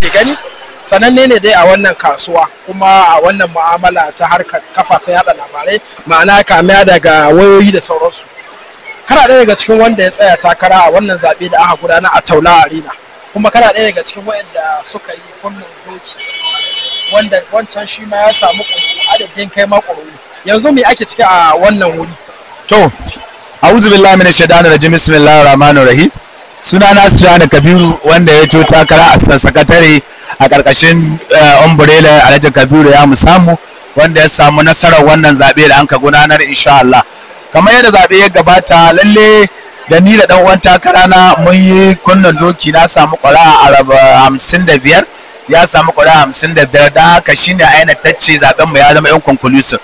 ke gani sananne ne dai a wannan kasuwa kuma a wannan mu'amala ta harkar kafafen yada labarai ma'ana kamiya daga wayoyi da sauransu kana ɗaya daga cikin wanda ya tsaya takara a wannan zaɓe da aka gudana a taula arena kuma kana ɗaya daga cikin waɗanda suka yi kunnen doki wanda wancan shi ma ya samu ƙuri'u adadin kai ma yanzu me ake ciki a wannan wuri to a'udhu billahi minash shaitanir rajim bismillahir rahmanir rahim sunana Sufiyana Kabiru wanda ya to takara a sakatare a ƙarƙashin eh, umbrella Alhaji Kabiru ya musamu wanda ya samu nasarar wannan zaɓe da anka gudanar insha Allah kamar yadda zaɓe ya gabata lalle da ni da ɗan uwan takara na mun yi kunnan doki na samu ƙwara hamsin da biyar ya samu ƙwara hamsin da biyar don haka shine aina tacce zaɓen mu ya zama yan conclusive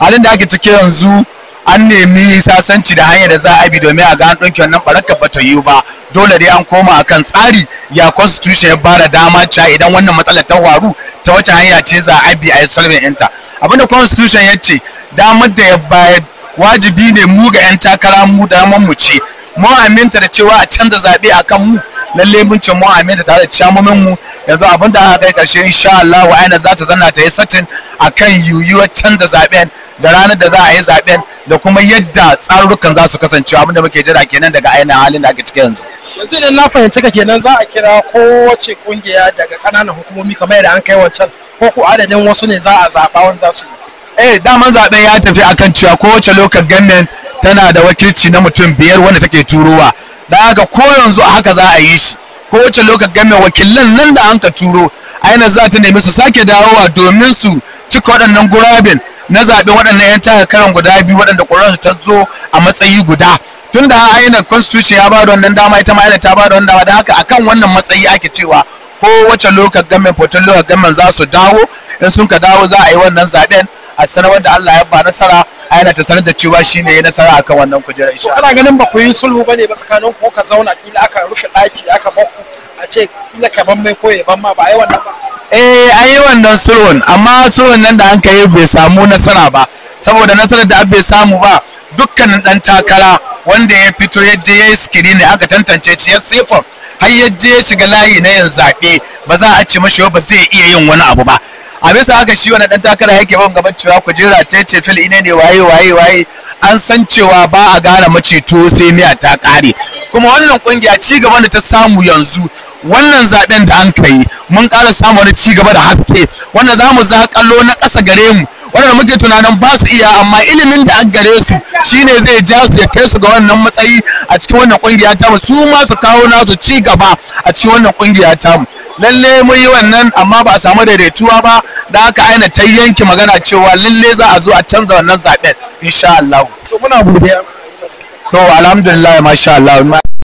halin da ake cike yanzu an nemi sasanci da hanyar da za a bi domin a ga an ɗauki wannan ɓarakar ba ta yiwu ba dole dai an koma akan tsari ya constitution ya bara dama cewa idan wannan matsalar ta waru ta wace hanya ce za a bi a yi solving ɗinta abinda constitution ya ce damar da ya bayar wajibi ne mu ga 'yan takara mu damar mu ce mu aminta da cewa a canza zaɓe a kan mu lalle mun ce mu aminta tare da ciyamomin mu yanzu abin da aka kai karshe insha Allah aina za ta zanna ta yi satin akan yuyuwar canza zaben da ranar da za a yi zaben da kuma yadda tsarurrukan za su kasance abin da muke jira kenan daga aina, halin da ake ciki yanzu yanzu idan na fahimci ka kenan za a kira kowace kungiya daga kananan hukumomi kamar yadda an kai wancan ko ku adadin wasu ne za a zaɓa wanda su eh daman zaben ya tafi akan cewa kowace lokacin gannen tana da wakilci na mutum biyar wanda take turowa da haka ko yanzu a haka za a yi shi ko wacce lokacin mai wakilan nan da an ka turo aina za ta nemi su sake dawowa domin su cika waɗannan gurabin na zaɓe waɗannan 'yan karan guda biyu waɗanda su ta zo a matsayi guda tun da aina constitution ya ba da wannan dama ita ma ta ba da wannan dama da haka akan wannan matsayi ake cewa ko wacce lokacin mai foton lokacin gamen za su dawo in sun ka dawo za a yi wannan zaɓen a sanarwar da Allah ya ba nasara yana ta sanar da cewa shi ne ya nasara akan wannan kujerar insha Allah. Kana ganin ba ku yi sulhu bane ba tsakanin ku ka zauna kila aka rufe ɗaki aka bakku a ce kila ka ban mai ko ya ban ma ba ai wannan ba. Eh an yi wannan sulhun amma sulhun nan da an kai bai samu nasara ba saboda nasarar da bai samu ba dukkanin ɗan takara wanda ya fito ya je ya yi ne aka tantance shi ya sifon har ya je ya shiga layi na yin zaɓe ba za a ce mashi ba zai iya yin wani abu ba a bisa haka shi wani dan takara yake ban gaban cewa ku jira ta ce fil ine ne waye waye waye an san cewa ba a gane mace to sai miya ta kare kuma wannan kungiya ci gaban da ta samu yanzu wannan zaben da an kai mun kara samu wani ci gaba da haske wannan za mu zakallo na ƙasa gare mu wannan muke tunanin ba su iya amma ilimin da an gare su shine zai ja su ya kai su ga wannan matsayi a cikin wannan kungiya ta mu su ma su kawo nasu ci gaba a cikin wannan kungiya ta mu lalle mun yi wannan amma ba a samu daidaituwa ba da haka aina ta yanke magana cewa lalle za a zo a canza wannan zaben insha Allah to muna godiya to alhamdulillah masha Allah